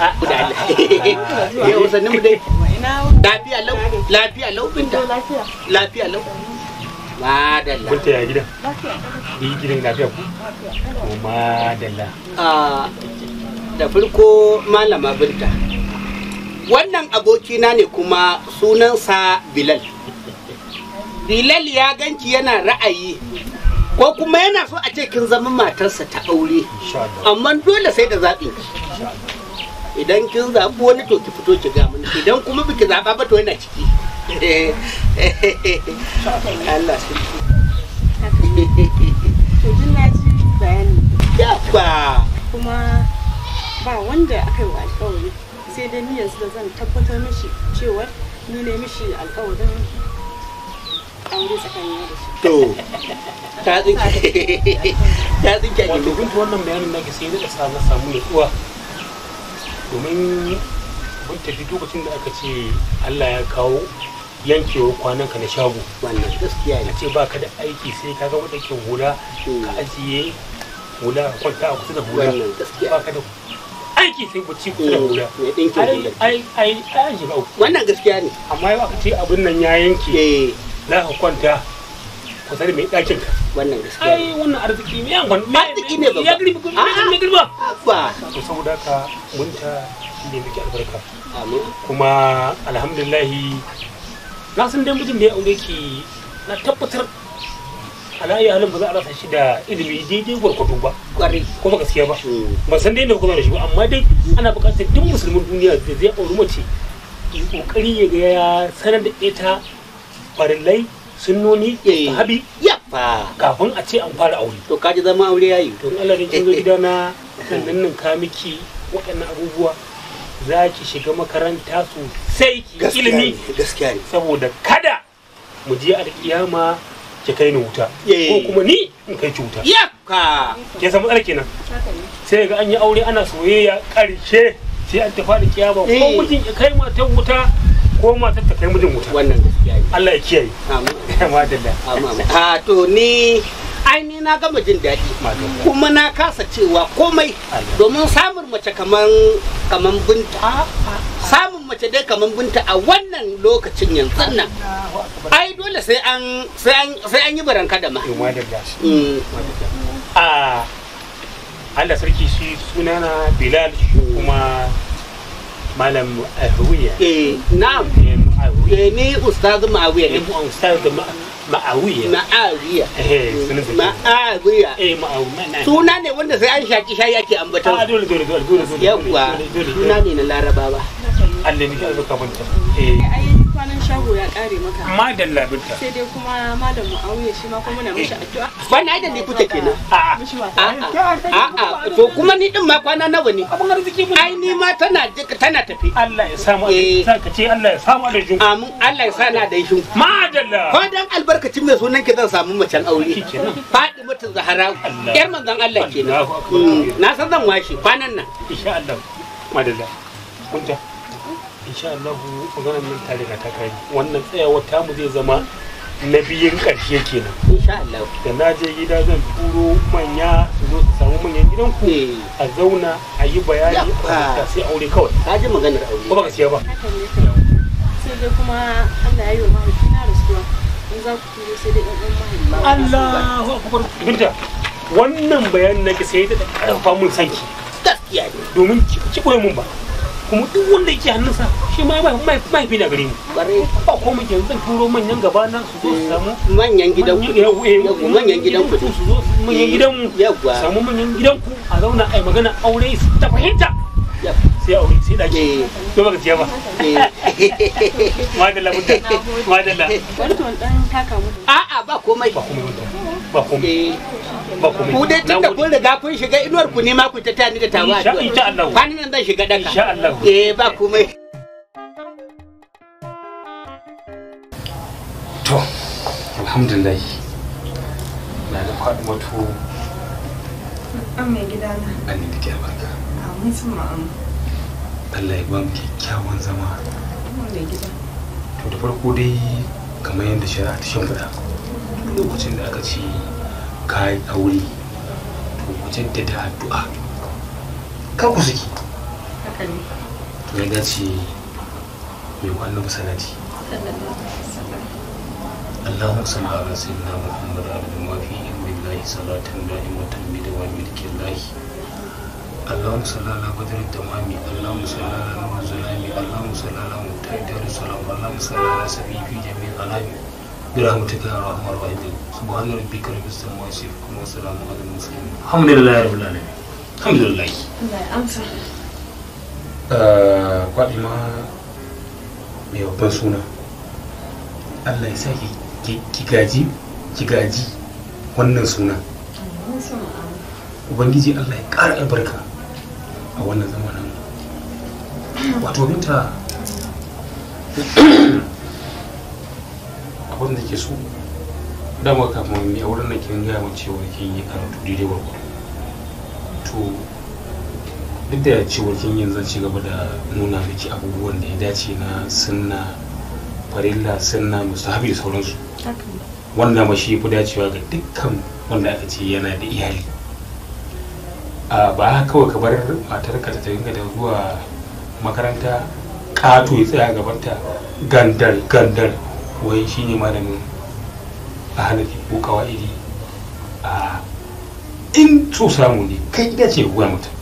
a da Allah eh, yau oh, sanin mu dai lafiya lau lafiya lau binta lafiya lau madalla binta ya gidan yi gidan lafiya ku oh, madalla ah, da farko malama binta wannan abokina ne kuma sunansa bilal bilal ya ganki yana ra'ayi ko kuma yana so a ce kin zama matarsa ta aure amma dole sai da zaɓi idan kin zaɓi wani to ki fito ki ga mun idan kuma biki zaɓa ba to yana ciki Allah su Yabba! Kuma ba wanda aka yi wa alkawari sai dai ni yanzu da zan tabbatar mishi cewa ni ne mishi alkawarin aure tsakanin da shi. To, ta tsinke. Ta tsinke. wannan bayanin na ke sai da sa samu ne domin mun tafi lokacin da aka ce allah ya kawo yankewa kwanan ka na shago wannan gaskiya ne ce baka da aiki sai ka ga wata ke hula hmm. ka ajiye hula kwanta a kusa da hula wannan gaskiya baka da aiki sai ku ci kusa da hmm. hula ai ai ai ai wannan gaskiya ne amma ya ce abin nan ya yanke eh. za ka kwanta kusa da mai ɗakin ka wannan gaskiya ai wannan arziki ne yan arziki ne ba ya girbi kuma ya girba ba to saboda ka munta ne miki albarka amin kuma alhamdulillah na san dai mutum da ya aure ki na tabbatar alayi halin ba za a rasa shi da ilimi daidai gwargwado ba kwarai kuma gaskiya ba hmm. ba san dai na kuma da shi ba amma dai ana buƙatar duk musulmin duniya da zai auri mace ki kokari ya ga ya sanar da ita farillai sunnoni ya yi eh. sahabi yaffa kafin a ce an fara aure to kaji zama aure yayi to Allah ne kin zo eh, eh, gida na sannan nan ka miki waɗannan abubuwa za ki shiga makaranta sosai ki ilimi gaskiya ne saboda kada mu je alkiyama ki kai ni wuta ko kuma ni in kai ki wuta yaffa ke san matsalar kenan sai ga an yi aure ana soyayya karshe sai an tafi alkiyama ko mutum ya kai matan wuta ko matar ta kai mijin wuta wannan gaskiya ne Allah ya kiyaye amin a to ni ai ni na gama jin daɗi kuma na kasa cewa komai domin samun mace kaman kaman binta samun mace dai kaman binta a wannan lokacin yanzu nan ai dole sai an sai an yi baranka da ma mm. a ah, Allah sarki shi sunana Bilal kuma malam ma'awiya eh na'am eh ni ustaz ne eh, ustaz eh, eh, ne wanda sai an shaki shayi ake ambata ah, a dole dole suna ne na larabawa Allah kwanan shago ya kare maka da binta sai dai kuma malam muawiya shi ma kuma muna mishi addu'a kwana da ni kuke kenan a a to kuma ni din ma kwana nawa ne abun arziki mun ai ni ma tana tana tafi Allah ya samu eh. ka ce Allah ya samu aljun amin Allah ya sa na da shi madalla ko dan albarkacin mai sunan ki zan samu macen aure Fatima ta Zahra yar manzon Allah kenan mm. na san zan washe kwanan nan insha Allah madalla kunta insha Allah maganar nan ta riga ta kai wannan tsayawar tamu zai zama na biyun ƙarshe kenan insha Allah da na je gida zan turo manya su zo su samu manyan gidan ku eh. a zauna a yi bayani a sai aure kawai ka ji maganar aure ko ba ka siya ba sai dai kuma Allah ya yi wa mahaifina rasuwa in za ku turo sai dai ɗan mahaifina Allahu akbar binta wannan bayanin nake sai da ƙarfa mun sanki gaskiya domin ki koyi mun ba kuma duk wanda yake sa shi ma mai mai fi na gare mu ba ko muke zan turo manyan gaba nan su zo su samu manyan gidan eh, ku manyan gidan ku su zo manyan mm. gidan mu samu manyan gidan ku a zauna ai magana aure su ta fahimta sai aure sai da ke to baka ciya ba eh. madalla madalla wani to dan taka mu a'a ba komai ba komai ba komai eh. ba komai ku dai tunda kun riga kun shiga inuwar ku ne ma ku ta tani da tawa insha Allah kwanan nan zan shiga daka insha Allah eh ba to alhamdulillah na da mutu an mai gidana an dake amin sun Allah ya ba mu kyakkyawan zama mai gida to da farko dai kamar yadda shari'a ta shimfiɗa lokacin da aka ce kai aure to mutum ta ta addu'a ka ku suke to ya dace mai kwallo sanadi Allah mu sana ala sayyidina Muhammad abdu mafi inna lillahi salatan da'imatan bi wani milkillahi Allah mu sana ala badri tamami Allah mu sana ala zalami Allah mu sana ala mutaidir salam Allah mu sana ala sabibi jami'i alami برحمتك يا ارحم الراحمين سبحان ربك رب السماوات والارض والسلام على المرسلين الحمد لله رب العالمين الحمد لله الله mai babban suna Allah ya sa ki gaji ki gaji wannan suna ubangiji Allah ya ƙara albarka a wannan zamanin wato binta abin da ke so dama kafin mai wurin da ke gaya min cewa kin yi karatu daidai barko to duk da cewa kin yin zan ci gaba da nuna miki abubuwan da ya dace na sunna farilla sunna musahabi da sauransu wannan ma shi fi dacewa ga dukkan wanda aka ce yana da iyali a ba kawai ka bar matarka ta dinga da zuwa makaranta ƙato ya tsaya gabanta gandar gandar wai shine malamin a halitta ko kawa'idi a in so samu ne kai ina ce ruwa mutum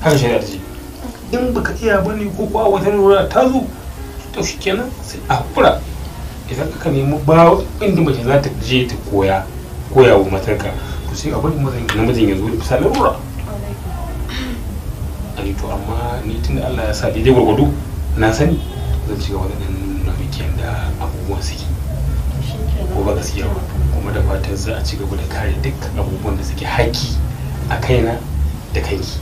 haka shi ta ce in ka iya ba ko kuwa wata lura ta zo to shi kenan sai a kura idan aka nemi ba inda mace za ta je ta koya koya wa matarka to sai a bari namijin ya zo da bisa lura a to amma ni tun da Allah ya sa daidai gwargwado na sani zan ci gaba da yake da abubuwan suke ko ba gaskiya ba kuma da fatan za a ci gaba da kare dukkan abubuwan da suke haƙƙi a kaina da kanki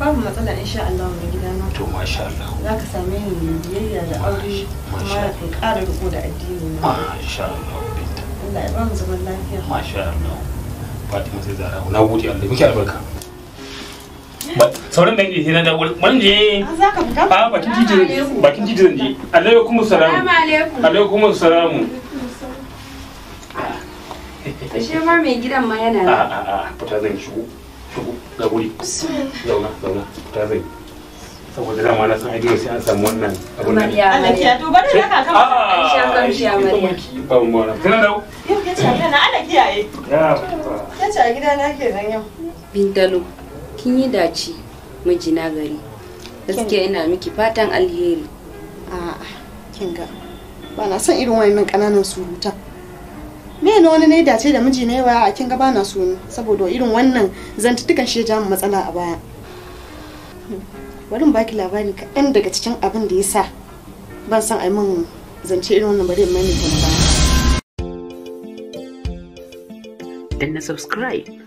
babu matsala insha Allah mai gida na to masha Allah za ka same ni biyayya da aure kuma da kai ƙara riko da addini na insha Allah Allah ya ba mu zaman lafiya masha Allah Fatima sai zara na gode Allah miki albarka sauran dangi sai na da wani je ah, a ah, bakin titi bakin titi zan je alaikum salamu alaikum salamu ma mai gidan ma yana a a a fita zan shigo shigo ga guri zauna zauna fita zan saboda dama na san aidiyar sai an samu wannan abun nan alakiya to bari da ka kama ah, an sha kan shi ba mu ba kana dawo yau ke ta na alakiya eh ya ta gida na kenan yau bindalo kin yi dace mijina gari gaskiya ina miki fatan alheri a'a kin ga ba na son irin wayannan kananan surutan me ne wani ne dace da miji ne waya a kin ga ba na so saboda irin wannan zantutukan shi ya ja matsala a baya bari baki labari kaɗan daga cikin abin da ya sa ban san a min zance irin wannan bari mai mai ba. na subscribe